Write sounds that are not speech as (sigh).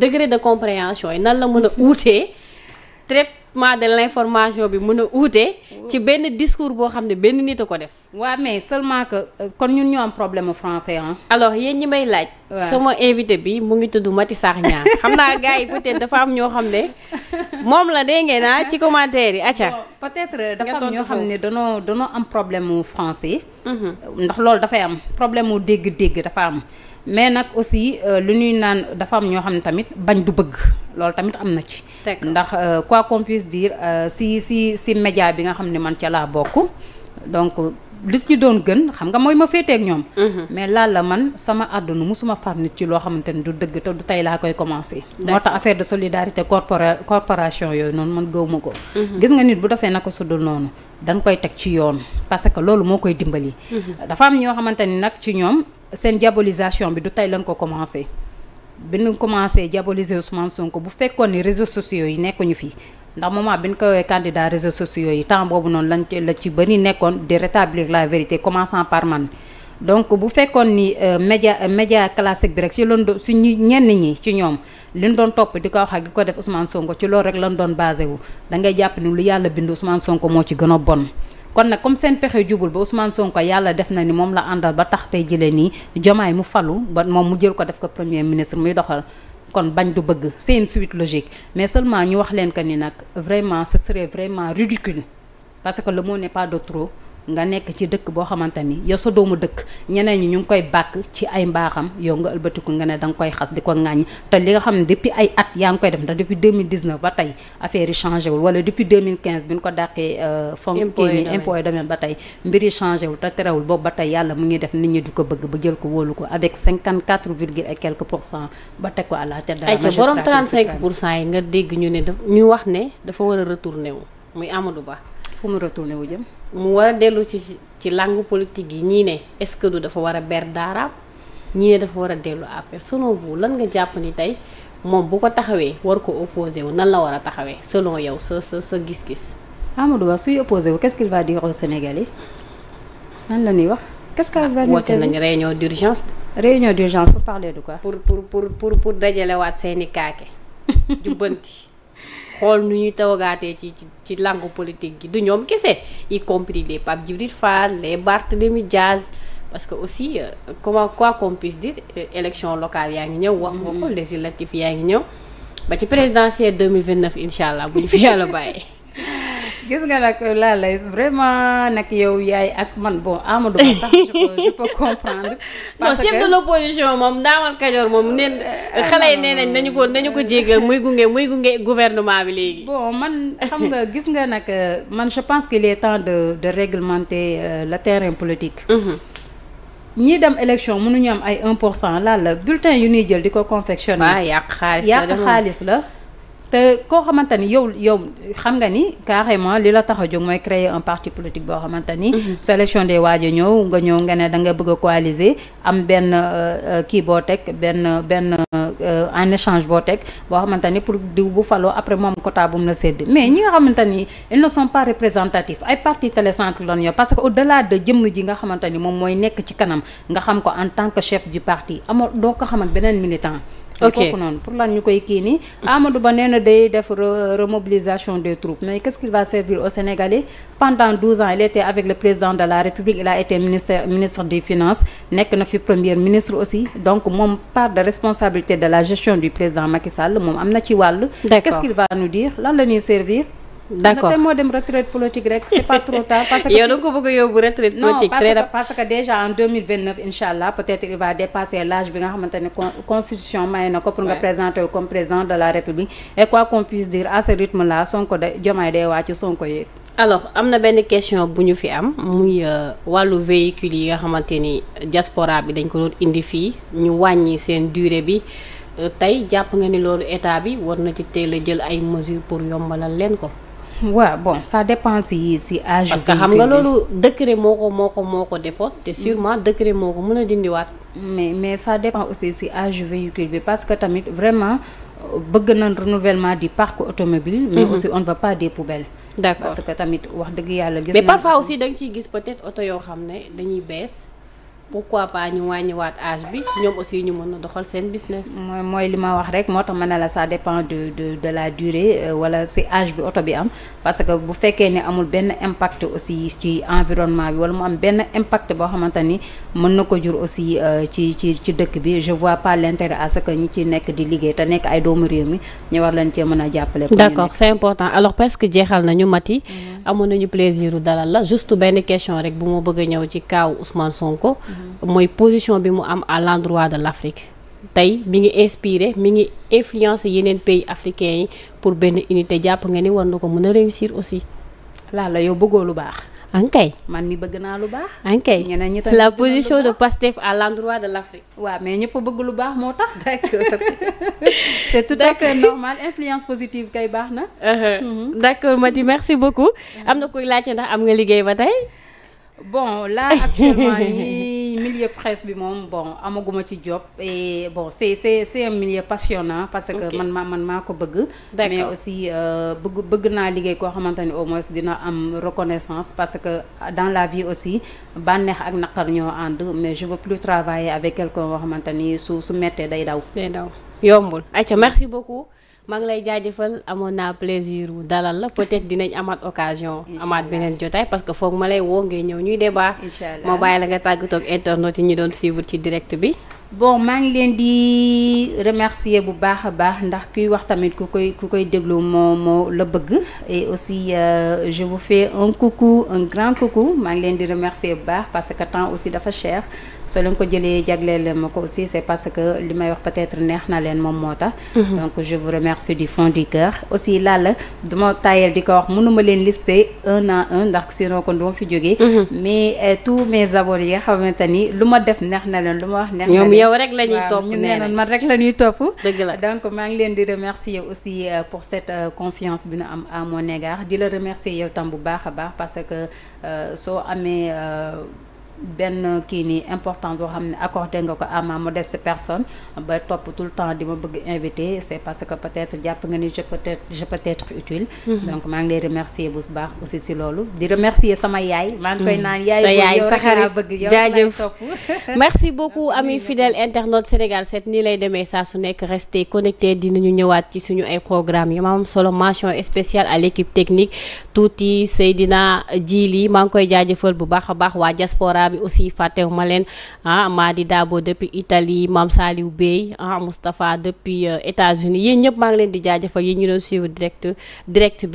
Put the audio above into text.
degré de compréhension yi nan la mën a uutee traitement de l'information bi mën a uutee ci benn discours boo xam ne benn nit a ko def. waaw mais seulement que euh, kon ñun ñoo am problème français ah. alors yéen ñi may laaj. sama invité bi mu ngi tudd Maty Sarr Niang xam naa (laughs) gars yi peut-être dafa am ñoo xam ne moom la dégg naa ah, ci commentaire yi acca. peut-être euh, dafa am ñoo xam ne danoo danoo am problème mu français. Mhm. ndax loolu dafay am problème mu dégg-dégg dafa am. mais nag aussi euh, lu ñuy naan dafa am ñoo xam ne tamit bañ du bëgg loolu tamit am na ci ndax euh, quoi qu'on puisse dire euh, si si si média bi nga xam ne man ca laa bokk donc li ci doon gën xam nga mooy ma féetee ak ñoom. Mhm. mais laal la man sama àdduna musuma far nit ci loo xamante ni du dëgg te du tey laa koy commencé. moo tax affaire de solidarité corpora corporation yooyu noonu man gëw ma ko. Mhm. gis nga nit bu defee naka su dul noonu dañ koy teg ci yoon parce que loolu moo koy dimbali. Mhm. dafa ni nag ci ñoom. seen diabolisation bi du tey lañ ko commencé bi ñu commencé diaboliser Ousmane Sonko bu fekkoon ni réseaux sociaux yi nekkuñu fi ndax moment bi nu ko woowee candidat réseaux sociaux yi temps boobu noonu lañ la ci bëri nekkoon di rétablir la vérité commençant par man donc bu fekkoon ni euh, média euh, média classique bi rek ci loon si ñu ñenn ñi ci ñoom li ñu doon topp di ko wax ak di ko def Ousmane Sonko ci loolu rek lan doon basé wu da ngay jàpp ni lu yàlla bind Ousmane Sonko moo ci gën a bon. kon nag comme seen pexe jubul ba Ousmane Sonko yàlla def na ni moom la àndal ba tax tey jëlee nii jomaay mu falu ba moom mu jël ko def ko premier ministre muy doxal kon bañ du bëgg seen une suite logique mais seulement ñu wax leen que ni nag vraiment ce serait vraiment ridicule parce que le mot ne pas de trop nga nekk ci dëkk boo xamante ni yow sa doomu dëkk ñeneen ñi ñu ngi koy bàkk ci ay mbaaxam yow nga ëlbatiku nga ne da nga koy xas di ko ŋàññ te li nga xam ne depuis ay at yaa ngi koy def ndax depuis 2019 ba tey affaire yi changé wul wala depuis 2015 bi ñu ko dàqee euh, fon kii impôt domaine ba tey mbir yi changé wul te terewul boobu ba tey yàlla mu ngi def nit ñi di ko bëgg ba jël ko wóolu ko avec 54 virgule et quelques pour cent ba teg ko à la tête la magistrature borom 35 pour cent yi nga dégg ñu ne daf ñu wax ne dafa war a retourné wu muy Amadou Ba fu mu retourné wu jëm mu war a dellu ci ci langue politique yi ñii ne est-ce que du dafa war a ber daaraam ñii ne dafa war a dellu après solo vous lan nga jàpp ni tey moom bu ko taxawee war ko opposé wu nan la war a taxawee selon yow sa sa sa gis-gis. Amadou Ba suy opposé wu qu'est-ce qu'il va dire aux Sénégalais nan la ñuy wax. qu'est-ce qu'il va ah, dire woote nañu réunion d'urgence. réunion d'urgence pour parler de quoi. pour pour pour pour pour dajalewaat seeni kaake (laughs) jubbanti. xool nu ñuy tawagaatee ci ci langue politique gi du ñoom kese y compris les Pape Djibril Fall barte Barthélémy Diaz parce que aussi euh, comment quoi qu'on di dire euh, élection locale yaa ngi ñëw wax nga ko mm-hmm. législatif yaa ngi ñëw ba ci présidentielle 2029 incha allah bu ñu fi yàlla bàyyee (laughs) gis nga nag laa lay vraiment nag yow yaay ak man bon Amadou Ba sax je peux comprendre. (laughs) parce que non chef de l'opposition moom ndaamal Kajoor moom neen euh, xale yi nee nañ nañu ko nañu ko jéggal muy gunge muy gunge gouvernement bi léegi. bon man xam nga gis nga nag euh, man je pense qu'il est temps de de réglementer euh, le terrain politique. Mhm. ñii dem élection mënuñu am ay 1 pour cent laal la bulletin yu ñuy jël di ko confectionner. waaw yàq xaalis la yàq xaalis la. te koo xamante ni yow yow xam nga ni carrément li la tax a jóg mooy créer un parti politique boo xamante ni. Mhm. sélection des waaj a ñëw nga ñëw nga ne da nga bëgg a coaliser am benn euh, euh, kii boo teg benn benn en euh, échange boo teg boo xamante ni pour diw bu faloo après moom quota bu mu la sédd mais ñi nga xamante ni ils ne sont pas représentatifs ay parti télécentre la ñu parce que au delà de jëmm ji nga xamante ni moom mooy nekk ci kanam nga xam ko en tant que chef du parti amoo doo ko xam ak beneen militant. ok kooku noonu pour lan ñu koy kii nii Amadou Ba nee na day def remobilisation des troupes mais qu'est-ce qu'il va servir aux Sénégalais pendant douze ans il était avec le président de la République il a été ministre ministre des finances nekk na fi premier ministre aussi donc moom part de responsabilité de la gestion du président Macky Sall moom am na ci wàll. d'accord qu'est-ce qu'il va nous dire lan la ñuy servir. d'accord ndaxte moo dem retraite politique rek c'est pas trop tard. parce que yow da nga ko bëgg a yóbbu retraite politique. très non parce que déjà en 2029 allah peut-être il dépasser l'âge bi nga xamante ne constitution may na ko. pour nga présenter comme président de la république. et quoi qu'on puisse dire à ce rythme là Sonko de Diomaye day wàcc Sonko yéeg. alors am na benn question bu ñu fi am muy euh, wàllu véhicule yi nga xamante ni diaspora bi dañ ko doon indi fii ñu wàññi seen durée bi. Euh, tey jàpp nga ni loolu état bi war na ci teel a jël ay mesures pour yombalal leen ko. waaw bon ça dépend si si âge. parce que xam nga loolu décret moo ko moo ko moo ko defoon te sûrement décret moo ko mën a dindiwaat. mais mais ça dépend aussi si âge véhicule bi parce que tamit vraiment bëgg nañ renouvellement du parc automobile mais mhm. aussi on ne veut pas des poubelles. d'accord parce que tamit wax dëgg yàlla. gis mais parfois aussi da nga ciy gis peut-être oto yoo xam ne dañuy bees. pourquoi pas ñu wàññiwaat âge bi ñoom aussi ñu mën na doxal seen business. mooy mooy li ma wax rek moo tax ma ne la ça dépend de de la durée euh, wala si âge bi oto bi am parce que bu fekkee ne amul benn impact aussi ci environnement bi wala mu benn impact boo xamante ni mën na ko jur aussi euh, ci ci ci dëkk bi je vois pas l'intérêt à que ñi ci nekk di liggéey te nekk ay doomu réew mi ñu war leen cee mën a jàppale. d'accord c'est important alors parce que jeexal nañu Maty. Mm-hmm. amoon nañu plaisir dalal la juste benn question rek bu ma ñëw ci kaaw Ousmane Sonko. mooy position bi mu am à l'endroit de l'Afrique tey mi ngi inspiré mi ngi influencé yeneen pays africain yi pour benn unité jàpp nga ni war na ko mën a réussir aussi laa la yow bëggoo lu baax ankay man mi bëgg naa lu baax ankay ñeneen ñi la position de Pastef à l'endroit de l'Afrique waaw mais ñëpp bëgg lu baax moo tax d'accord (laughs) c'est tout à fait normal positive kay baax na uh-huh. mhm. d'accord Mati merci beaucoup am na koy laajte ndax am nga liggéey ba tey bon là actuellement (laughs) milieu presse bi moom bon amaguma ci job et bon c'est c'est c'est un milieu parce que man maa man maa ko bëgg mais aussi euh, bëgg bëgg naa liggéey koo xamante ni au moins dina am reconnaissance parce que dans la vie aussi bànneex ak naqar ñoo ànd mais je veux plus travailler avec quelqu'un boo xamante ni su su mettee day daw day daw yombul merci beaucoup maa ngi lay jaajëfal amoon naa plaisir dalal la peut dinañ amaat occasion. amaat beneen jotaay parce que foog ma woo ngay ñëw ñuy débat. incha allah moo bàyyi tàggatoo ak internautes doon suivre ci direct bi. bon maa ngi leen di remercier bu baax a baax ndax kuy wax tamit ku koy ku koy déglu moo moo la bëgg aussi euh, je vous fais un coucou un grand coucou maa ngi leen di remercier bu baax parce que temps aussi dafa cher. soo leen ko jëlee jagleel leen ma ko aussi c'est parce que li may wax peut-être neex na leen moom moo tax mhm. donc je vous remercie du fond du cœur aussi Lalla ma tayel di ko wax mënuma leen lister un à un ndax sinon kon duma fi jógee mhm. mais eh, tous mes abonnés yi nga xamante ni lu ma def neex na leen lu ma wax neex na leen ñoom yow rek la ñuy topp ñu nee man rek la topp dëgg la donc maa ngi leen di remercier aussi eh, pour cette euh, confiance bi nu am à mon di la remercier yow tam bu baax a baax parce que euh, soo amee euh, benn kii nii importance boo xam ne accordé nga ko à ma modeste personne ba topp tout le temps di ma bëgg invité c'est parce que peut-être jàpp nga ni je peut être je peux être utile mm-hmm. donc maa ngi lay remercier bu si loolu di remercier sama yaay mm-hmm. maa ngi koy naan yaay saxari bëgg yow jaajëf topp (laughs) merci beaucoup amis fidèles internautes Sénégal 7 nii lay demee saa su nekk restez connectés dinañu ñëwaat ci suñu ay programme yi maam solo mention spéciale à l'équipe technique tuuti Seydina Djili maa ngi koy jaajëfal bu baax a baax waa diaspora bi aussi fàttewu ma leen ah Madi Dabo depuis Italie Mame Saliou Bey ah Moustapha depuis euh, États-Unis yéen ñëpp maa ngi leen di jaajëfal yi ñu doon suivre direct direct bi